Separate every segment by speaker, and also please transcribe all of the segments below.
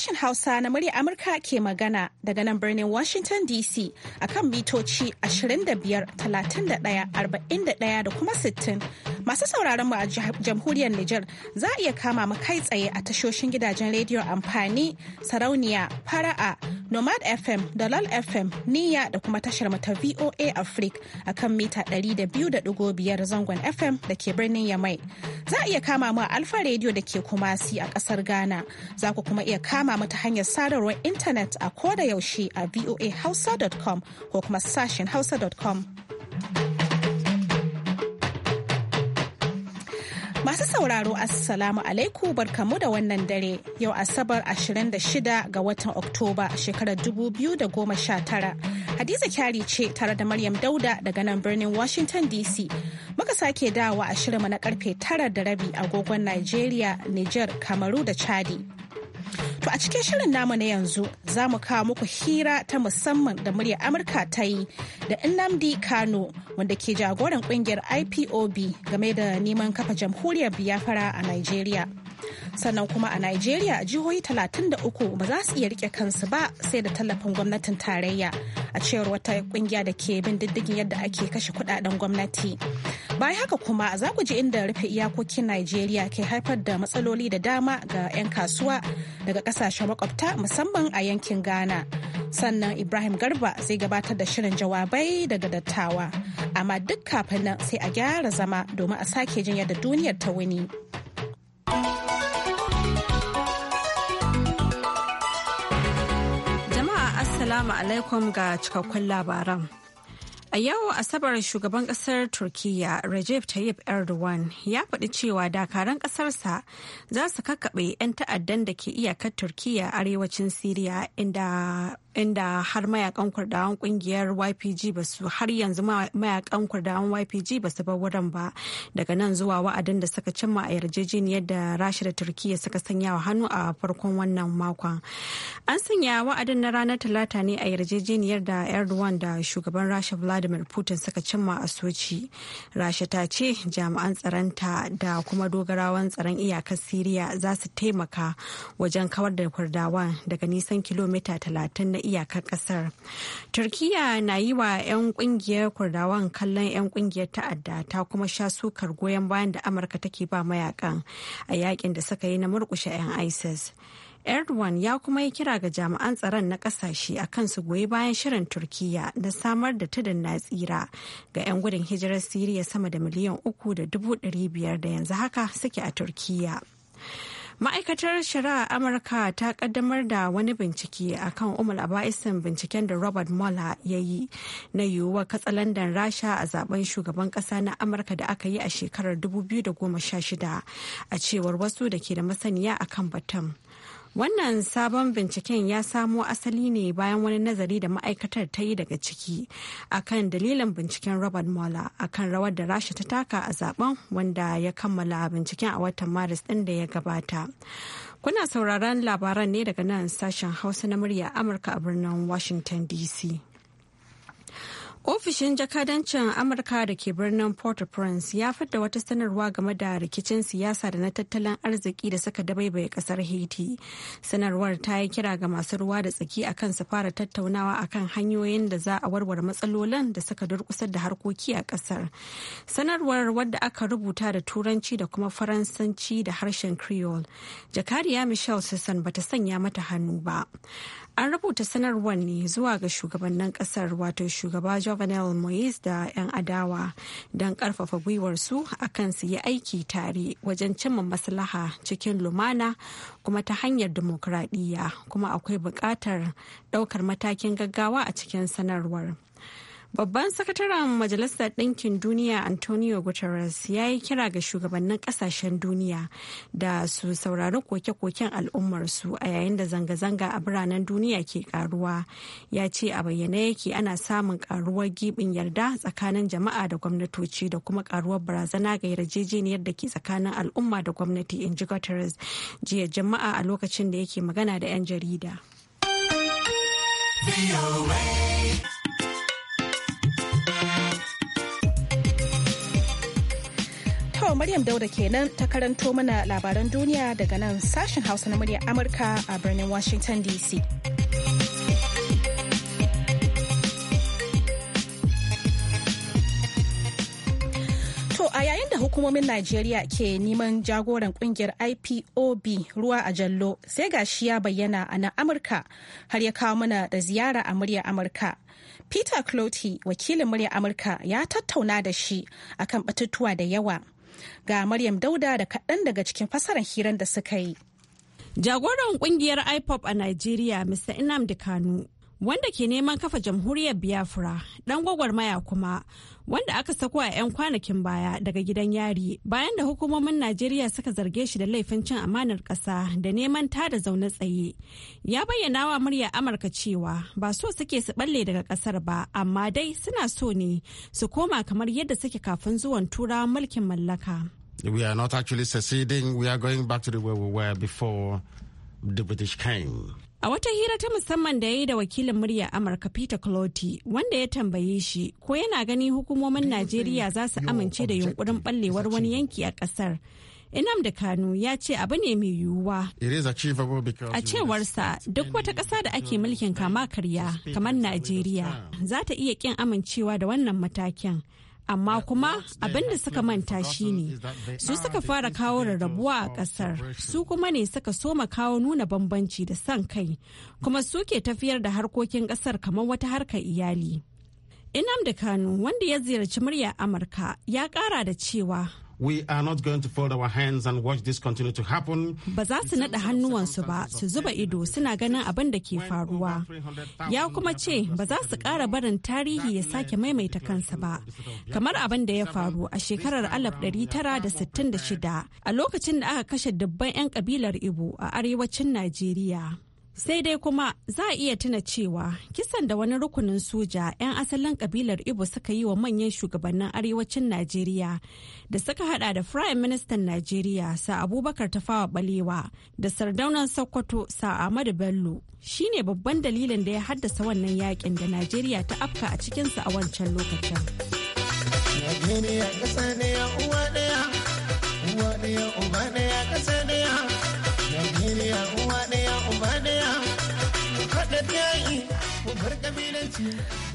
Speaker 1: sashen Hausa na murya Amurka ke magana daga nan birnin Washington DC akan mitoci 25, 31, 41 da kuma 60. Masu sauraron mu a jamhuriyar Nijar za a iya kama mu kai tsaye a tashoshin gidajen rediyon amfani sarauniya fara'a Nomad FM da FM niya da kuma tashar mu ta VOA Africa a kan mita 200.5 zangon FM da ke birnin Yamai. Za a iya kama mu a Alfa rediyo da ke Kumasi a kasar Ghana. Za ku kuma iya kama mu ta hanyar sadarwar intanet a koda yaushe a voahausa.com ko kuma sashen hausa.com. Masu sauraro Assalamu alaikum barkamu da wannan dare yau Asabar 26 ga watan Oktoba shekarar 2019. Hadiza kyari ce tare da Maryam Dauda daga nan birnin Washington DC. Muka sake dawa a shirinmu na karfe tara da rabi agogon Nigeria, Niger, Kamaru da Chadi. To a cikin shirin namu na yanzu za mu kawo muku hira ta musamman da muryar Amurka ta yi da Nnamdi Kano wanda ke jagoran kungiyar IPOB game da neman kafa jamhuriyar biyafara a Nigeria. sannan kuma a Najeriya jihohi 33 ba za su iya rike kansu ba sai da tallafin gwamnatin tarayya a cewar wata kungiya da ke bin diddigin yadda ake kashe kudaden gwamnati. Bayan haka kuma za ku ji inda rufe iyakokin Najeriya ke haifar da matsaloli da dama ga 'yan kasuwa daga kasashen makwabta musamman a yankin Ghana. Sannan Ibrahim Garba zai gabatar da shirin jawabai daga dattawa. Amma duk kafin nan sai a gyara zama domin a sake jin yadda duniyar ta wuni. thank
Speaker 2: Assalamu alaikum ga cikakkun labaran. A yau Asabar shugaban kasar Turkiyya Recep Tayyip Erdogan ya faɗi cewa dakaran ƙasarsa za su kakkaɓe 'yan ta'addan da ke iyakar Turkiyya arewacin Siriya inda inda har mayakan kurdawan kungiyar ypg ba su har yanzu mayakan kurdawan ypg ba su bar wurin ba daga nan zuwa wa'adin da suka cimma a yarjejeniyar da rasha da turkiya suka sanya wa hannu a farkon wannan makon an sanya wa'adin na ranar talata ne a yarjejeniyar da erdogan da shugaban rasha vladimir putin suka cimma a soci rasha ta ce jami'an tsaronta da kuma dogarawan tsaron iyakar siriya za su taimaka wajen kawar da kurdawan daga nisan kilomita talatin na iyakar kasar turkiya na yi wa 'yan kungiyar kurdawan kallon 'yan kungiyar ta'adda ta kuma sha sukar goyon bayan da amurka take ba mayakan a yakin da suka yi na murkushe 'yan isis erdogan ya kuma yi kira ga jami'an tsaron na kasashe a kan su goyi bayan shirin turkiya na samar da tudun na tsira ga 'yan gudun hijirar siriya sama da miliyan uku da dubu biyar da yanzu haka suke a turkiya ma'aikatar shari'a amurka ta kaddamar da wani bincike akan umar aba'isin binciken da robert mueller ya yi na yiwuwar katsalandan rasha a zaben shugaban kasa na amurka da aka yi a shekarar 2016 a cewar wasu da ke da masaniya akan batun Wannan sabon binciken ya samo asali ne bayan wani nazari da ma'aikatar ta yi daga ciki a kan dalilin binciken Robert Mueller kan rawar da Rasha ta taka a zaben wanda ya kammala binciken a watan Maris ɗin da ya gabata. Kuna sauraron labaran ne daga nan sashen Hausa na murya Amurka a birnin Washington DC. Ofishin jakadancin Amurka da ke birnin Port-au-Prince ya fadda wata sanarwa game da rikicin siyasa da na tattalin arziki da suka dabaibaye kasar Haiti. Sanarwar ta yi kira ga masu ruwa da tsaki a kan su fara tattaunawa a kan hanyoyin da za a warware matsalolin da suka durkusar da harkoki a kasar. Sanarwar wadda aka rubuta da Turanci da kuma Faransanci da harshen Creole. Jakariya Michelle Sisson bata sanya mata hannu ba. An rubuta sanarwar ne zuwa ga shugabannin kasar wato shugaba jovenel moise da 'yan adawa don karfafa su akan su yi aiki tare wajen cimma maslaha cikin lumana kuma ta hanyar dimokuraɗiyya kuma akwai buƙatar ɗaukar matakin gaggawa a cikin sanarwar. Babban sakataren Majalisar Ɗinkin Duniya Antonio Guterres ya yi kira ga shugabannin ƙasashen duniya da su saurari koke-koken al'ummarsu a yayin da zanga-zanga a biranen duniya ke karuwa. Ya ce a bayyane yake ana samun karuwar gibin yarda tsakanin jama'a da gwamnatoci da kuma karuwar barazana ga yarjejeniyar da ke tsakanin al'umma da gwamnati in ji Guterres jiya jama'a a lokacin da yake magana da 'yan jarida.
Speaker 1: To Maryam Dauda kenan ta karanto mana labaran duniya daga nan sashen Hausa na muryar Amurka a birnin Washington DC. To a yayin da hukumomin Najeriya ke neman jagoran kungiyar IPOB ruwa a jallo sai ga shi ya bayyana a nan Amurka har ya kawo mana da ziyara a muryar Amurka. Peter Clotty wakilin muryar Amurka ya tattauna da shi akan batutuwa da yawa. Ga Maryam Dauda da kaɗan daga cikin fasaran hirar da suka yi.
Speaker 2: Jagoran kungiyar IPOP a Najeriya, Mr. inam dikanu wanda ke neman kafa jamhuriyar biafra dan gwagwarmaya kuma wanda aka sako a 'yan kwanakin baya daga gidan yari bayan da hukumomin najeriya suka zarge shi da laifin cin amanar ƙasa da neman da zaune tsaye ya bayyana wa murya amurka cewa ba so suke su balle daga ƙasar ba amma dai suna so ne su koma kamar yadda suke kafin zuwan turawan mulkin mallaka
Speaker 3: we are not actually succeeding we are going back to the way we were before the british came
Speaker 2: A wata hira ta musamman da ya yi da wakilin murya Amurka Peter Clotty wanda ya tambaye shi ko yana gani hukumomin Najeriya za su amince da yunkurin ballewar wani yanki a ƙasar. da Kanu ya ce abu ne mai yiwuwa. A cewarsa duk wata ƙasa da ake mulkin kama karya kamar Najeriya za ta iya ƙin amincewa da wannan matakin. amma kuma abin da suka manta shine su suka fara kawo rarrabuwa a kasar su kuma ne suka soma kawo nuna bambanci da son kai kuma suke tafiyar da harkokin kasar kamar wata harkar iyali inam da kanu wanda ya ziyarci murya amurka ya kara da cewa
Speaker 4: we are not going to fold our hands and watch this continue to happen.
Speaker 2: Ba za su naɗa hannuwansu ba su zuba ido suna ganin abin da ke faruwa. Ya kuma ce ba za su ƙara barin tarihi ya sake maimaita kansa ba. Kamar abin da ya faru a shekarar 1966 a lokacin da aka kashe dubban 'yan ƙabilar Ibo a arewacin Najeriya. sai dai kuma za a iya tuna cewa kisan da wani rukunin soja 'yan asalin kabilar ibo suka yi wa manyan shugabannin arewacin najeriya da suka hada da firayim ministan najeriya sa abubakar tafawa balewa da sardaunan sokoto sa ahmadu bello shine babban dalilin da ya haddasa wannan yakin da najeriya ta afka a cikinsu a wancan lokacin
Speaker 3: Najeriya ƙasa ne ya uwa ɗaya, uwa ɗaya, uba ɗaya ƙasa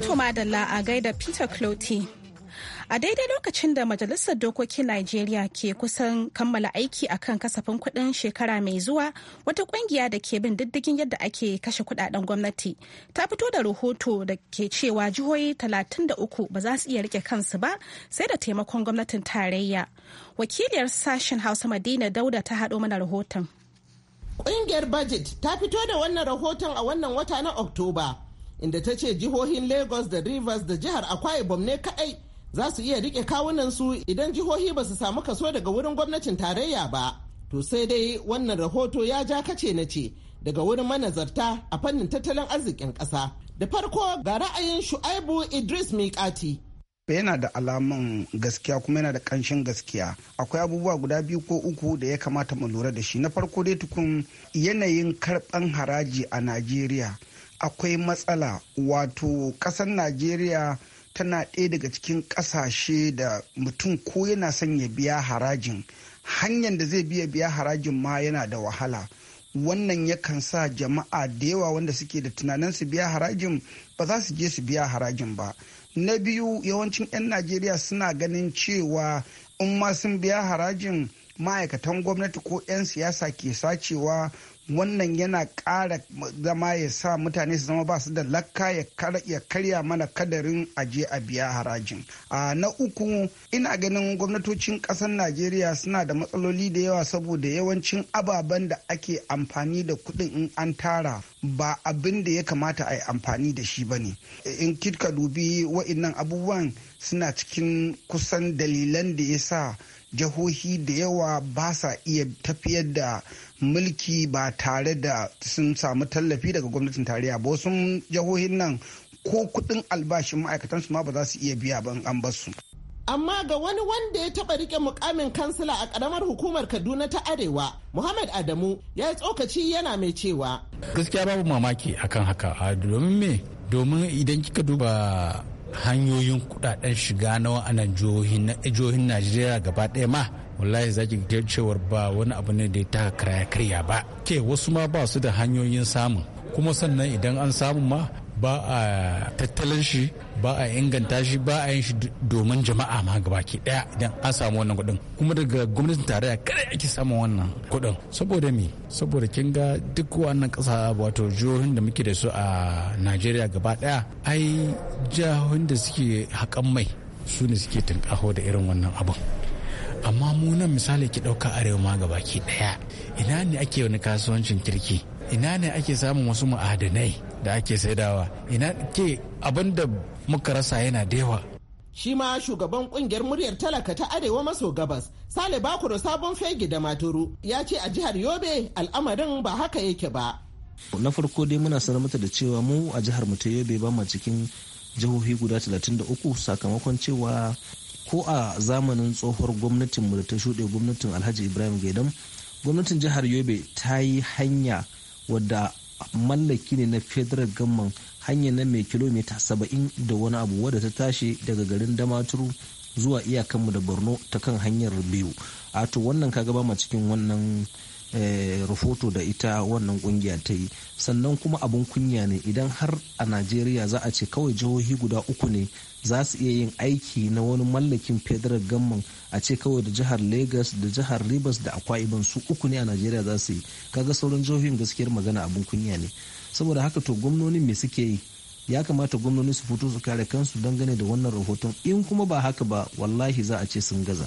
Speaker 1: To madalla a gaida Peter Clotty. A daidai lokacin da Majalisar Dokokin Najeriya ke kusan kammala aiki a kan kasafin kuɗin shekara mai zuwa, wata ƙungiya da ke bin diddigin yadda ake kashe kuɗaɗen gwamnati ta fito da rahoto da ke cewa jihohi 33 ba za su iya rike kansu ba sai da taimakon gwamnatin tarayya. Wakiliyar sashen Hausa Madina Dauda ta haɗo mana rahoton.
Speaker 3: Ƙungiyar bajet ta fito da wannan rahoton a wannan wata na Oktoba. inda ta ce jihohin Lagos da Rivers da jihar Akwa Ibom ne kaɗai za su iya rike kawunansu idan jihohi ba su samu kaso daga wurin gwamnatin tarayya ba. To sai dai wannan rahoto ya ja kace na ce daga wurin manazarta a fannin tattalin arzikin ƙasa. Da
Speaker 5: farko ga ra'ayin Shu'aibu Idris miƙati. yana da alamun gaskiya kuma yana da kanshin gaskiya akwai abubuwa guda biyu ko uku da ya kamata mu lura da shi na farko dai tukun yanayin karɓan haraji a najeriya akwai matsala wato ƙasar najeriya tana ɗaya daga cikin ƙasashe da mutum ko yana son ya biya harajin hanyar da zai biya biya harajin ma yana da wahala wannan yakan sa jama'a da yawa wanda suke da tunanin su biya harajin ba za su je su biya harajin ba na biyu yawancin 'yan najeriya suna ganin cewa in ma sun biya harajin ma'aikatan gwamnati ko 'yan siyasa ke sacewa wannan yana ƙara zama ya sa mutane su zama ba su da lakka ya karya mana kadarin aje a biya harajin na uku ina ganin gwamnatocin ƙasar najeriya suna da matsaloli da yawa saboda yawancin ababen da ake amfani da kuɗin in an tara ba abin da ya kamata a yi amfani da shi ba ne in Kitka dubi wa'innan abubuwan suna cikin kusan dalilan da ya sa jihohi da yawa ba sa iya tafiyar da mulki ba tare da sun samu tallafi daga gwamnatin tarayya ba wasu jihohin nan ko kudin albashin ma'aikatan su ma ba za su iya biya ban an basu.
Speaker 3: amma ga wani wanda ya taba rike mukamin kansila a karamar hukumar kaduna ta arewa muhammad adamu ya yi tsokaci yana mai cewa
Speaker 5: gaskiya babu mamaki akan haka domin me domin idan kika duba hanyoyin kudaden shiga na wa'anan jihohin najeriya gaba ɗaya ma wallahi zaki ki cewar ba wani abu ne da ya taka karya karya ba ke wasu ma ba su da hanyoyin samun kuma sannan idan an samu ma ba a tattalin shi ba a inganta shi ba a yin shi domin jama'a ma gabaki daya idan an samu wannan kuɗin kuma daga gwamnatin tarayya kada ake samun wannan kuɗin saboda me saboda kin ga duk wannan kasa wato jihohin da muke da su a najeriya gaba daya ai jihohin da suke hakan mai su ne suke tunƙaho da irin wannan abin amma mu nan misali ki ɗauka arewa ma gaba ke daya ina ne ake wani kasuwancin kirki ina ne ake samun wasu ma'adanai da ake saidawa ina ke abin da muka rasa yana da yawa shi ma shugaban kungiyar muryar
Speaker 3: talaka ta arewa maso gabas sale bakuro sabon fegi da maturu ya ce a jihar yobe al'amarin ba haka yake ba
Speaker 6: na farko dai muna sanar mata da cewa mu a jihar mu ta yobe ba cikin jihohi guda talatin da uku sakamakon cewa ko a zamanin tsohuwar gwamnatinmu da ta shuɗe gwamnatin alhaji ibrahim gaidam gwamnatin jihar yobe ta yi hanya wadda mallaki ne na federal gamman hanya na mai kilomita saba'in da wani abu wadda ta tashi daga garin damaturu zuwa iyakanmu da borno ta kan hanyar biyu a to wannan kaga ba ma cikin wannan Eh, rahoto da ita wannan kungiya ta yi sannan kuma abun kunya ne idan har a najeriya za a ce kawai jihohi guda uku ne za su iya yin aiki na wani mallakin federal gamman a ce kawai da jihar lagos da jihar rivers da akwa iban su uku ne a najeriya za su yi kaga sauran jihohin gaskiyar magana abun kunya ne saboda haka to gwamnonin me suke yi ya kamata gwamnoni su fito su kare kansu dangane da wannan rahoton in kuma ba haka ba wallahi za a ce sun gaza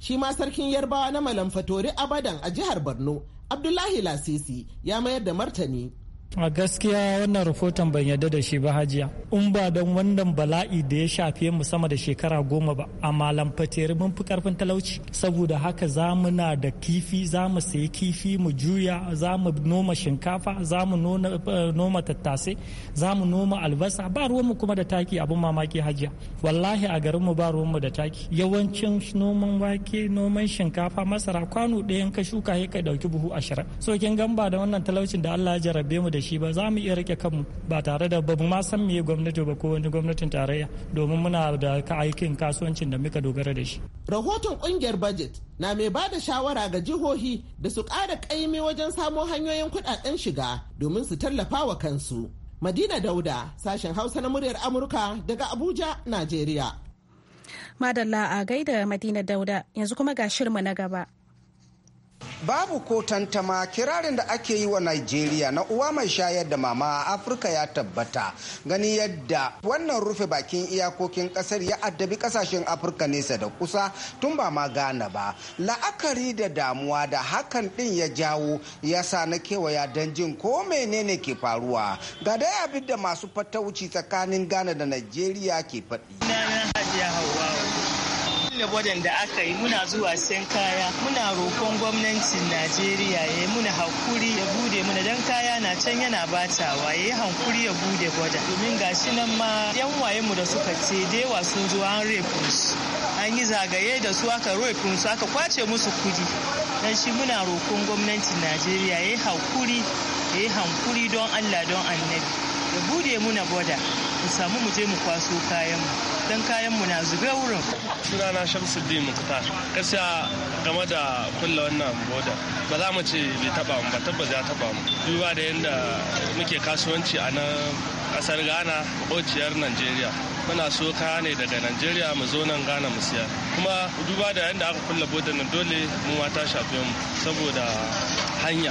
Speaker 3: shi ma sarkin yarbawa na malam fatori abadan a jihar borno abdullahi lasisi ya mayar da martani
Speaker 6: a gaskiya wannan rahoton ban yarda da shi ba hajiya in ba don wannan bala'i da ya shafe mu sama da shekara goma ba a malam fateri mun fi karfin talauci saboda haka za mu na da kifi za mu sayi kifi mu juya za mu noma shinkafa za mu eh, noma tattasai za mu noma albasa ba ruwanmu kuma da taki abin mamaki hajiya wallahi a garin mu ba ruwanmu da taki yawancin noman wake noman shinkafa masara kwano ɗayan ka shuka ya ka ɗauki buhu ashirin so kin gamba da wannan talaucin da Allah ya jarabe mu da da shi ba za mu iya rike kanmu ba tare da babu ma san me gwamnati ba ko wani gwamnatin tarayya domin muna da aikin kasuwancin da muka dogara da shi.
Speaker 3: Rahoton kungiyar budget na mai ba da shawara ga jihohi da su ƙara ƙaimi wajen samo hanyoyin kuɗaɗen shiga domin su tallafa wa kansu. Madina Dauda, sashen Hausa na muryar Amurka daga Abuja, Najeriya.
Speaker 1: Madalla a gaida Madina Dauda, yanzu kuma ga shirma na gaba.
Speaker 5: Babu ko tantama kirarin da ake yi wa Najeriya na uwa mai shayar da mama a Afirka ya tabbata gani yadda wannan rufe bakin iyakokin kasar ya addabi kasashen Afirka nesa da kusa tun ba ma gane ba. La'akari da damuwa da hakan din ya jawo ya sa na kewaya don jin ko menene ke faruwa. Ga dai abin da masu fatauci tsakanin Ghana da Najeriya ke faɗi.
Speaker 6: kulle gwadon da aka yi muna zuwa sayan kaya muna rokon gwamnatin najeriya ya yi muna hankuri ya bude muna dan kaya na can yana batawa ya yi hankuri ya bude gwada domin ga shi nan ma yan waye mu da suka ce dewa sun zo an rape su an yi zagaye da su aka rape su aka kwace musu kudi dan shi muna rokon gwamnatin najeriya ya yi hakuri ya yi hankuri don allah don annabi ya bude muna boda mu samu mu je mu kwaso kayan mu dan kayan mu na zube wurin
Speaker 4: sunana Shamsuddin Muktar gaskiya game da kulla wannan boda ba za mu ce bai taba mu ba tabbas ya taba mu duba da yanda muke kasuwanci a nan kasar Ghana makociyar nigeria muna so kaya ne daga nigeria mu zo nan Ghana mu siya kuma duba da yanda aka kulla bodan nan dole mu ma ta shafe mu saboda hanya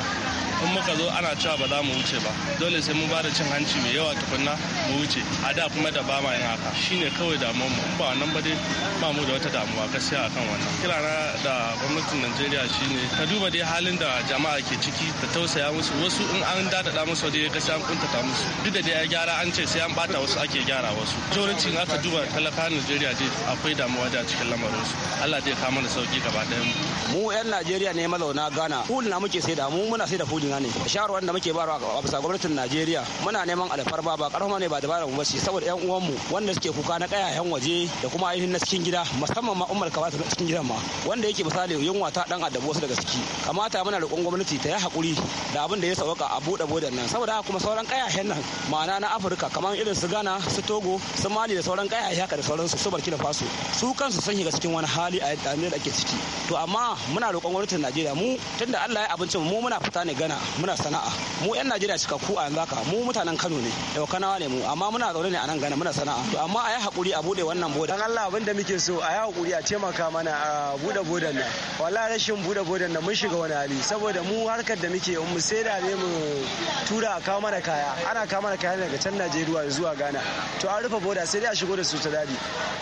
Speaker 4: in muka zo ana cewa ba za mu wuce ba dole sai mun ba da cin hanci mai yawa tukunna mu wuce a da kuma da ba ma yin haka shine kawai damuwar mu ba wannan ba dai ba mu da wata damuwa gaskiya akan wannan kirana da gwamnatin Najeriya shine ka duba dai halin da jama'a ke ciki ta tausaya musu wasu in an dadada musu dai gaskiya an kuntata musu duk da dai gyara an ce sai an bata wasu ake gyara wasu jorancin aka duba talaka Najeriya dai akwai damuwa da cikin lamarin su Allah zai kama da sauki gaba ɗayan mu
Speaker 6: mu yan Najeriya ne mazauna Ghana kul na muke sai da mu muna sai da fuji juna ne shawarwar da muke ba a bisa gwamnatin najeriya muna neman alfarma ba ne ba dabarar mu bace saboda yan uwanmu wanda suke kuka na kayayen waje da kuma ainihin na cikin gida musamman ma umar ka ta cikin gidan ma wanda yake misali yunwa ta dan addabu wasu daga ciki kamata muna roƙon gwamnati ta yi hakuri da abin da ya sauka a buɗe bodan nan saboda haka kuma sauran kayayen nan ma'ana na afirka kamar irin su ghana su togo su mali da sauran kayayen haka da sauransu su da faso su kansu sun shiga cikin wani hali a yadda ake ciki to amma muna roƙon gwamnatin najeriya mu tunda allah ya abinci mu muna fita ne gana Najeriya muna sana'a mu 'yan Najeriya ku a yanzu haka mu mutanen Kano ne da ne mu amma muna zaune ne a nan gana muna sana'a to amma a yi hakuri a bude wannan boda dan Allah abinda muke so a yi hakuri a taimaka mana a bude bodan nan wallahi rashin bude bodan nan mun shiga wani hali saboda mu harkar da muke mu sai da ne mu tura a kawo mana kaya ana kawo mana kaya daga can Najeriya zuwa gana to an rufe boda sai dai a shigo da su ta dadi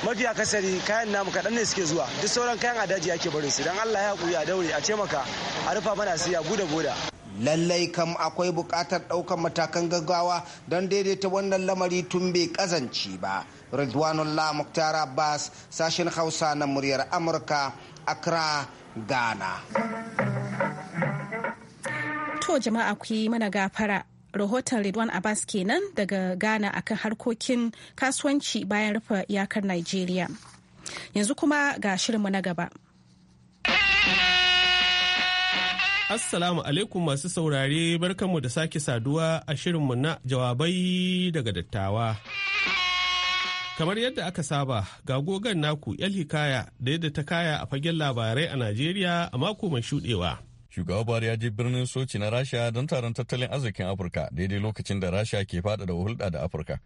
Speaker 6: mafi akasari kayan namu kaɗan ne suke zuwa duk sauran kayan a daji ake barin su dan Allah ya hakuri a daure a taimaka a rufa mana sai a bude boda
Speaker 5: lallai kam akwai buƙatar ɗaukar matakan gaggawa don daidaita wannan lamari tun bai kazanci ba ridwanullah muktar abbas sashen hausa na muryar amurka accra ghana
Speaker 1: to jama'a ku yi mana gafara rahoton Ridwan Abbas kenan daga Ghana akan harkokin kasuwanci bayan rufe iyakar nigeria Yanzu kuma ga shirinmu na gaba.
Speaker 4: Assalamu alaikum masu saurare barkanmu da sake saduwa a shirinmu na jawabai daga dattawa. Kamar yadda aka saba, ga gogan naku 'yan Hikaya da yadda ta kaya
Speaker 7: a fagen labarai a Najeriya a mako mai shuɗewa. Shugaba Buhari ya je birnin Sochi na Rasha don taron tattalin arzikin Afirka daidai lokacin da Rasha ke da hulɗa da Afirka.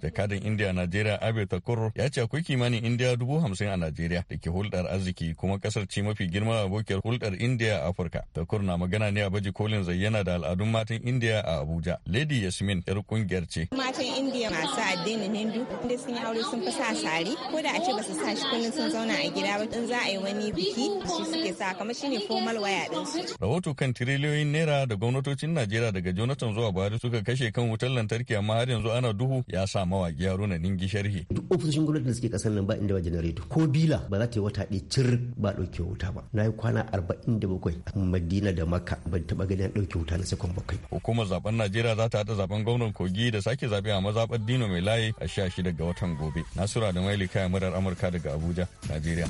Speaker 7: Jakadan indiya Najeriya Abe Takur ya ce akwai kimanin indiya dubu hamsin a Najeriya da ke hulɗar arziki kuma kasar ce mafi girma abokiyar hulɗar indiya a Afirka. Takur na magana ne a baji kolin zayyana da al'adun matan indiya a Abuja. Lady Yasmin yar kungiyar ce.
Speaker 1: Matan indiya masu addinin Hindu inda sun yi aure sun fi sa sari ko da a ce ba su sa shi kullum sun zauna a gida in za a yi wani biki su suke sa kamar shine formal waya din su.
Speaker 7: Rahoto kan tiriliyoyin naira da gwamnatocin Najeriya daga Jonathan zuwa Buhari suka kashe kan wutar lantarki amma har yanzu ana duhu ya sa mawaki Haruna Ningi sharhi.
Speaker 3: Duk ofisoshin gwamnati da suke kasar nan ba inda ba janareto ko bila ba za ta yi wata ɗaya cir ba ɗauke wuta ba. Na yi kwana arba'in da bakwai a Madina da Makka ban taɓa ganin ɗauke wuta na sakon bakwai.
Speaker 7: Hukumar zaben Najeriya za ta haɗa zaben gwamnan Kogi da sake zaɓe a mazaɓar Dino mai layi a shida ga watan gobe. nasiru da kayan murar Amurka daga Abuja, Najeriya.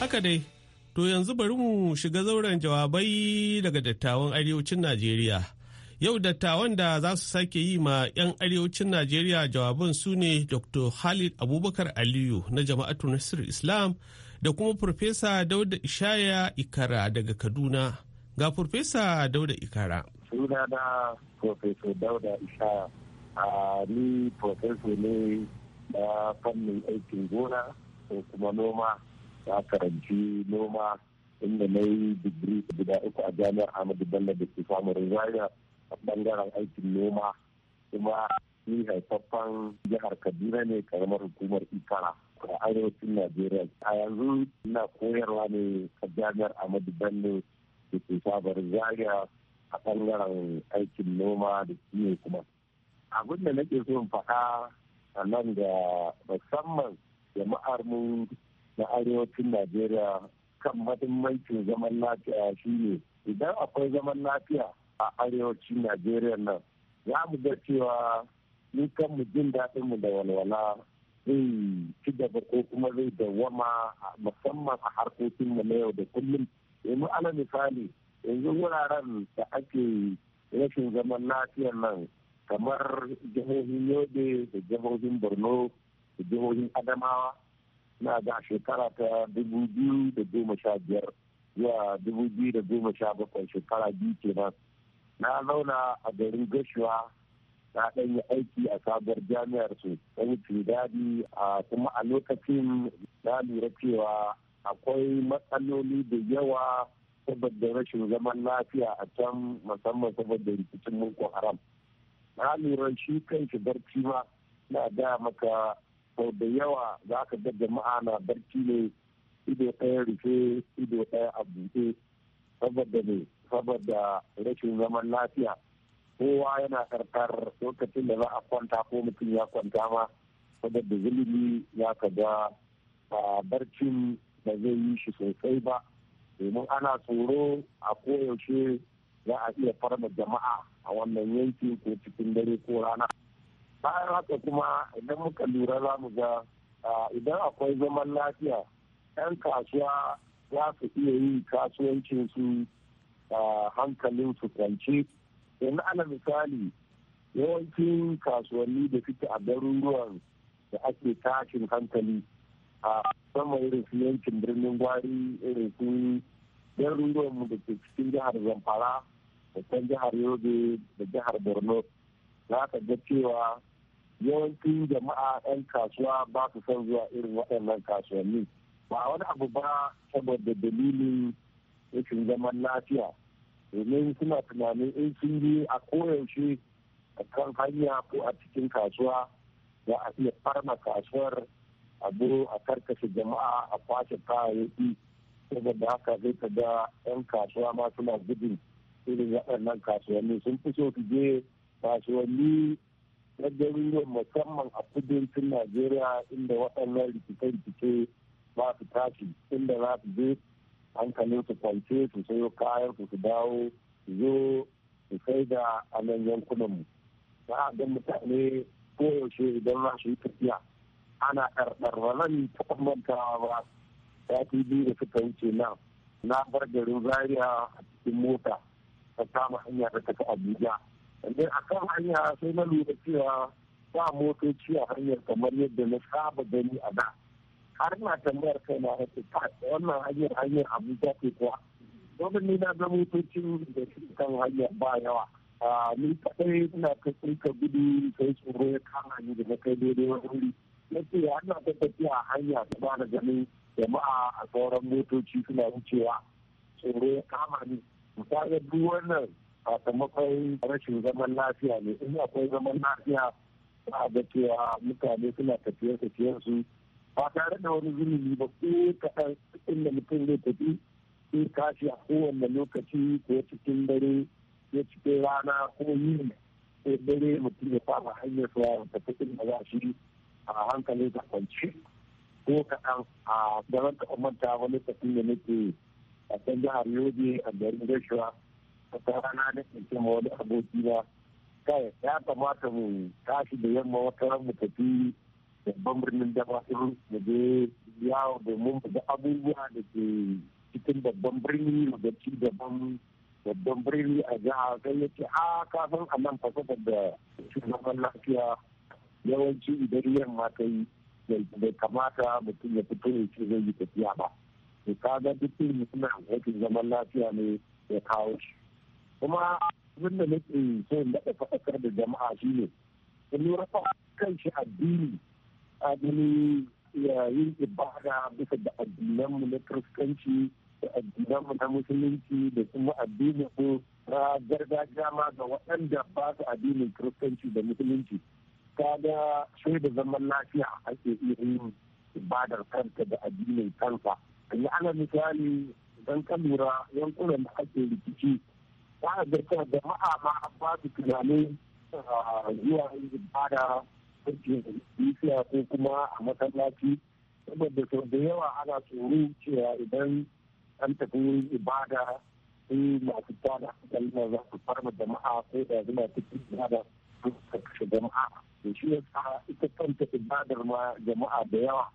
Speaker 4: Haka dai, to yanzu bari mu shiga zauren jawabai daga dattawan arewacin Najeriya. Yau dattawan da za su sake yi ma 'yan arewacin Najeriya jawaban su ne Dr. Khalid Abubakar Aliyu na jama'atu Nasir Islam da kuma Farfesa Dauda Ishaya Ikara daga Kaduna. Ga Farfesa Dauda Ikara.
Speaker 8: Suna da Farfesa Dauda Ishaya, a ah, ni Farfesa ne na fannin aikin gona ko kuma noma na karanci noma inda na yi digiri guda uku a jami'ar Ahmadu Bello da ke famurin Zaria a bangaren aikin noma kuma ni haifaffen jihar Kaduna ne karamar hukumar Ikara a arewacin Najeriya. A yanzu ina koyarwa ne a jami'ar Ahmadu Bello da ke famurin Zaria a bangaren aikin noma da kiwo kuma. Abin da nake so in faɗa A nan da musamman jama'ar mu na arewacin najeriya kan mahimmancin zaman lafiya shine idan akwai zaman lafiya a arewacin najeriya nan za mu ga cewa kan mu jin daɗin mu da walwala zai ci gaba ko kuma zai dawwama musamman a harkokin mu na yau da kullum yanzu ala misali yanzu wuraren da ake rashin zaman lafiyar nan kamar jihohin yobe da jihohin borno da jihohin adamawa na ga shekara ta dubu biyu da goma sha biyar zuwa dubu biyu da goma sha bakwai shekara biyu kenan na zauna a garin gashuwa na ɗan yi aiki a sabuwar jami'ar su ɗan yi daɗi a kuma a lokacin na lura cewa akwai matsaloli da yawa saboda rashin zaman lafiya a can musamman saboda rikicin mulkin haram na lura shi kanshi barci ma na gaya maka sau da yawa za ka ga jama'a na barci ne ido ɗaya rufe ido ɗaya a buɗe saboda ne saboda rashin zaman lafiya kowa yana karkar lokacin da za a kwanta ko mutum ya kwanta ma saboda zulumi ya ka ga barcin da zai yi shi sosai ba domin ana tsoro a koyaushe za a iya farma jama'a a wannan yanki ko cikin dare ko rana bayan haka kuma idan muka lura za mu ga idan akwai zaman lafiya 'yan kasuwa za su iya yi kasuwancin kasuwancinsu hankalin su kwance yanzu ana misali yawancin kasuwanni da suke a garuruwan da ake tashin hankali a sama irin su yankin birnin gwari irin su garuruwanmu da ke cikin jihar zamfara babban jihar yobe da jihar borno za ka ga cewa yawancin jama'a 'yan kasuwa ba su son zuwa irin waɗannan kasuwanni ba a wani abu ba saboda dalilin rashin zaman lafiya domin suna tunanin in sun yi a koyaushe a kan hanya ko a cikin kasuwa za a iya farma kasuwar a buru a karkashe jama'a a kwashe kayayyaki saboda haka zai ka ga 'yan kasuwa ma suna gudun irin waɗannan kasuwanni sun fi so su je kasuwanni na garuruwan musamman a kudancin najeriya inda waɗannan rikice-rikice ba su tashi inda za su je hankalin su kwance su sayo kayan su su dawo su zo su sai da a nan yankunan mu za a ga mutane koyaushe idan za su yi tafiya ana karɓar nan ta kwamantawa ba sati biyu da suka wuce nan na bar garin zariya a cikin mota ta kama hanya ta tafi abuja sannan a kan hanya sai na lura cewa ba motoci a hanyar kamar yadda na saba gani a da har na tambayar kai na rasu wannan hanyar hanyar abuja ke kuwa domin ni na ga motocin da suke kan hanyar ba yawa ni kadai ina ta tsirka gudu sai tsoro ya kama ni da na kai daidai wani wuri na ce ana ta tafiya a hanya ta ba da ganin jama'a a sauran motoci suna wucewa tsoro ya kama ni kaga duk wannan sakamakon rashin zaman lafiya ne in akwai zaman lafiya za a ga cewa mutane suna tafiye tafiyen su ba tare da wani zulumi ba ko kaɗan inda mutum zai tafi sai kashi a kowane lokaci ko cikin dare ko cikin rana ko yini ko dare mutum ya fara hanyar suwa da tafi da za shi a hankali da kwance ko kaɗan a daren ranka manta wani tafi da nake a can jihar yobe a garin gashuwa a rana da ke ma wani aboki ba kai ya kamata mu tashi da yamma wata mu tafi babban birnin damaturu mu je yawo domin mu ga abubuwa da ke cikin babban birni mu ga ci gaban babban birni a jiha sai ya ce a kafin a nan fasafar da shugaban lafiya yawanci idan yamma ta yi bai kamata mutum ya fito ya ce zai yi tafiya ba. to kaga duk irin suna aikin zaman lafiya ne ya kawo shi kuma abin da nake so in daɗa faɗakar da jama'a shi ne in lura fa kan shi addini adini yin ibada bisa da addinanmu na kiristanci da addinanmu na musulunci da kuma ko na gargajiya ma ga waɗanda ba su addinin kiristanci da musulunci kaga sai da zaman lafiya ake iya yin ibadar kanta da addinin kansa yanzu ana misali don ka lura yankunan da ake rikici ta da jama'a ma ba su tunanin zuwa ibada lafiya ko kuma a masallaci saboda sau da yawa ana tsoro cewa idan an tafi ibada sai masu tada kalma za su farma jama'a ko da zuma cikin ibada su kashe jama'a to shi yasa ita kanta ibadar ma jama'a da yawa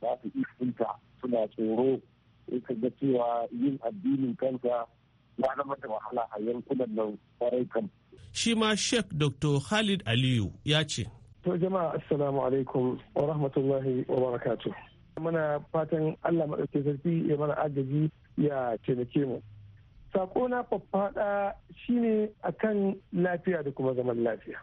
Speaker 8: za su sunta. suna tsoro ka ga cewa yin addinin kansa ya zama da wahala a yankunan nan kwarai kan.
Speaker 4: Shi ma shek Dr. Khalid Aliyu ya ce.
Speaker 9: To jama'a assalamu alaikum wa rahmatullahi wa barakatu. Muna fatan Allah maɗauki sarki ya mana agaji ya taimake mu. Sako na faffaɗa shine akan lafiya da kuma zaman lafiya.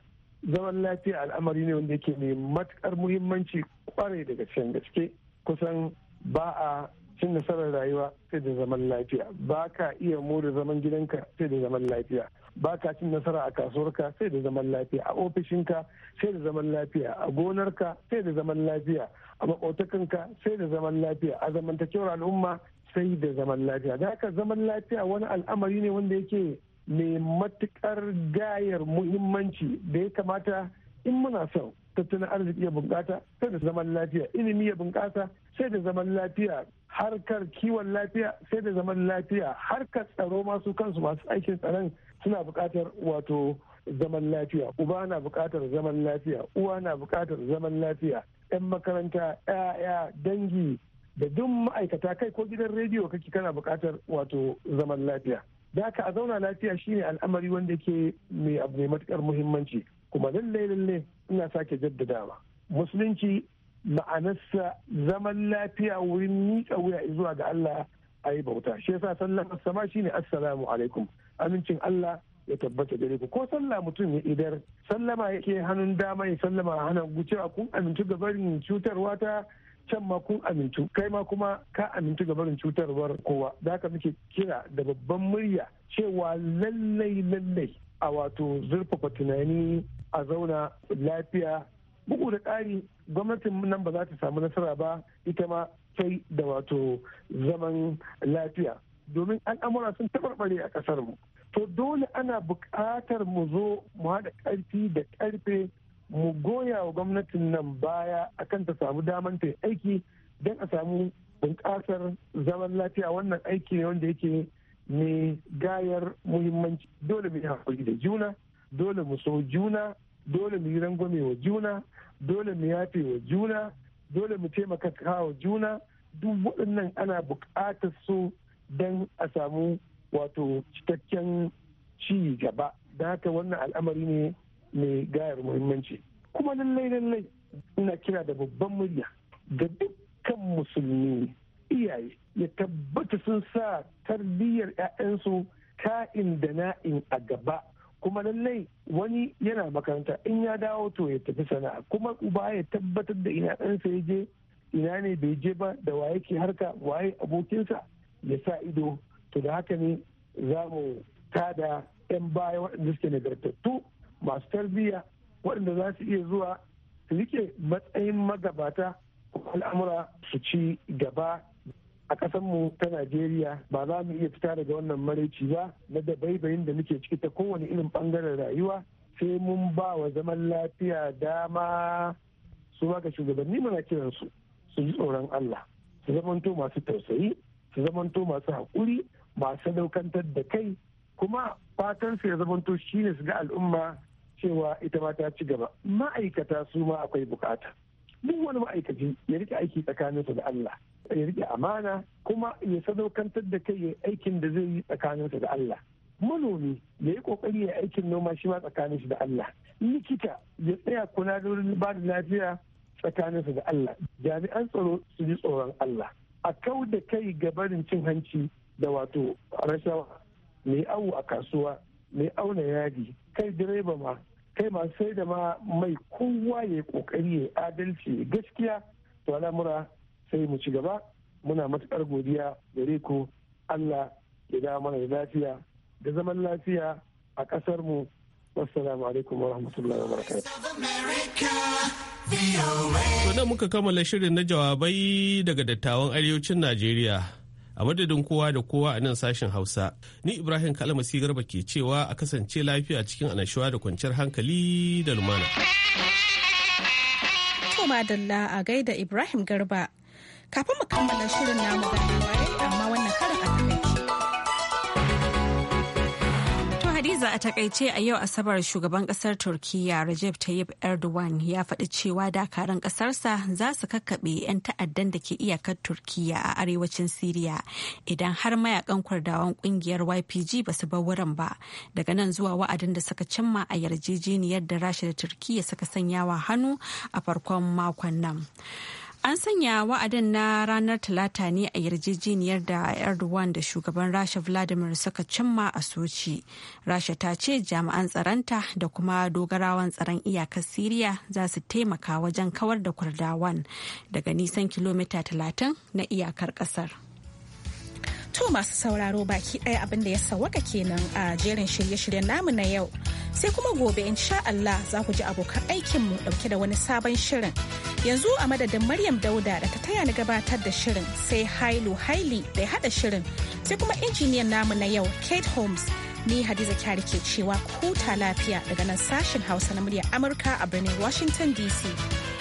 Speaker 9: Zaman lafiya al'amari ne wanda yake mai matuƙar muhimmanci kwarai daga can gaske kusan ba a cin nasarar rayuwa sai da zaman lafiya ba ka iya more zaman gidanka sai da zaman lafiya ba ka cin nasara a kasuwarka sai da zaman lafiya a ofishinka sai da zaman lafiya a gonarka sai da zaman lafiya a makwautakanka sai da zaman lafiya a zamantakewar al'umma sai da zaman lafiya da haka zaman lafiya wani al'amari ne wanda yake mai matukar gayar muhimmanci da ya kamata in muna son tattalin arziki ya bunƙasa sai da zaman lafiya ilimi ya bunƙasa sai da zaman lafiya harkar kiwon lafiya sai da zaman lafiya harkar tsaro masu kansu masu aikin tsaron suna buƙatar wato zaman lafiya uba na buƙatar zaman lafiya uwa na buƙatar zaman lafiya 'yan makaranta 'ya'ya dangi da duk ma'aikata kai ko gidan rediyo kake kana buƙatar wato zaman lafiya da haka a zauna lafiya shine al'amari wanda ke mai abu mai matukar muhimmanci kuma lallai lallai. ina sake jaddadawa musulunci ma'anarsa zaman lafiya wurin miƙa wuya zuwa ga Allah a yi bauta shi yasa sallar sama shine assalamu alaikum amincin Allah ya tabbata gare ku ko sallah mutum ya idar sallama yake hannun dama ya sallama hannun gucewa kun amintu ga barin cutarwa ta can ma kun amintu kai ma kuma ka amintu ga barin cutarwar kowa da haka muke kira da babban murya cewa lallai lallai a wato zurfafa tunani a zauna lafiya bugu da ƙari gwamnatin nan ba za ta samu nasara ba ita ma sai da wato zaman lafiya domin al'amura sun tabarbare a ƙasar mu to dole ana buƙatar mu zo mu haɗa ƙarfi da ƙarfe mu goya wa gwamnatin nan baya akan ta samu daman ta aiki don a samu bunƙasar zaman lafiya wannan aiki ne wanda yake mai gayar muhimmanci dole mu yi haƙuri da juna dole mu so juna dole mu yi rangwame wa juna dole mu yafe wa juna dole mu taimaka wa juna duk waɗannan ana buƙatar su don a samu wato cikakken ci gaba da haka wannan al'amari ne mai gayar muhimmanci kuma lallai lallai ina kira da babban murya ga dukkan musulmi iyaye ya tabbata sun sa tarbiyyar 'ya'yansu ka'in da na'in a gaba kuma lallai wani yana makaranta in ya dawo to ya tafi sana'a kuma uba ya tabbatar da ina ɗansa ya je ina ne bai je ba da waye ke harka waye abokinsa ya sa ido to da haka ne za mu tada 'yan baya waɗanda suke nagartattu masu tarbiyya waɗanda za su iya zuwa su rike matsayin magabata al'amura su ci gaba a mu ta najeriya ba za mu iya fita daga wannan maraici ba na dabaibayin da muke ciki ta kowane irin bangaren rayuwa sai mun ba wa zaman lafiya dama su ga shugabanni muna kiran su su ji tsoron allah su zamanto masu tausayi su zamanto masu haƙuri masu daukantar da kai kuma fatan su ya zamanto shine su ga al'umma cewa ita ma ta ci gaba ma'aikata su ma akwai bukata duk wani ma'aikaci ya rika aiki tsakaninsu da allah ya rike amana kuma ya sadaukantar da kai ya aikin da zai yi tsakaninsa da Allah manomi ya yi kokari ya aikin noma shi ma tsakanin shi da Allah likita ya tsaya kuna da wurin ba da lafiya tsakaninsa da Allah jami'an tsaro su ji tsoron Allah a kau da kai ga barin cin hanci da wato rashawa mai awo a kasuwa mai auna yadi kai direba ma kai masu sai da ma mai kowa ya kokari ya adalci gaskiya to al'amura sai mu ci gaba muna matuƙar godiya gare ku Allah ya da mana da lafiya da zaman lafiya a ƙasar mu wassalamu alaikum warahmatullahi wabarakatuh
Speaker 4: muka kammala shirin na jawabai daga dattawan arewacin Najeriya a madadin kowa da kowa a nan sashen Hausa ni Ibrahim Kalmasi Garba ke cewa a kasance lafiya cikin anashuwa da kwanciyar hankali da lumana.
Speaker 1: madalla a gaida Ibrahim Garba Kafin mu kammala shirin namu ga amma wannan karin a takaice.
Speaker 2: To Hadiza a takaice a yau Asabar shugaban kasar Turkiyya Recep Tayyip Erdogan ya faɗi cewa dakarun kasarsa za su kakkaɓe 'yan ta'addan da ke iyakar Turkiyya a arewacin Siriya idan har mayakan kwardawan kungiyar YPG ba su bar wurin ba daga nan zuwa wa'adin da suka cimma a yarjejeniyar da Rasha da Turkiyya suka sanya wa hannu a farkon makon nan. An sanya wa'adin na ranar Talata ne a yarjejeniyar da Erdogan da shugaban Rasha Vladimir suka cimma a Sochi. Rasha ta ce jami'an tsaronta da kuma dogarawan tsaron iyakar Siriya za su taimaka wajen kawar da kwardawan daga nisan kilomita 30 na iyakar kasar.
Speaker 1: To masu sauraro baki ɗaya abin da ya sawaka kenan a jerin shirye-shiryen namu na yau. sai kuma gobe in sha Allah za ku ji abokan aikinmu dauke da wani sabon shirin. Yanzu a madadin Maryam Dauda da ta taya ni gabatar da shirin sai Hailu Haili da ya haɗa shirin sai kuma injiniyan namu na yau Kate Holmes ni Hadiza Kyari ke cewa kuta lafiya daga nan sashen Hausa na muryar Amurka a birnin Washington DC.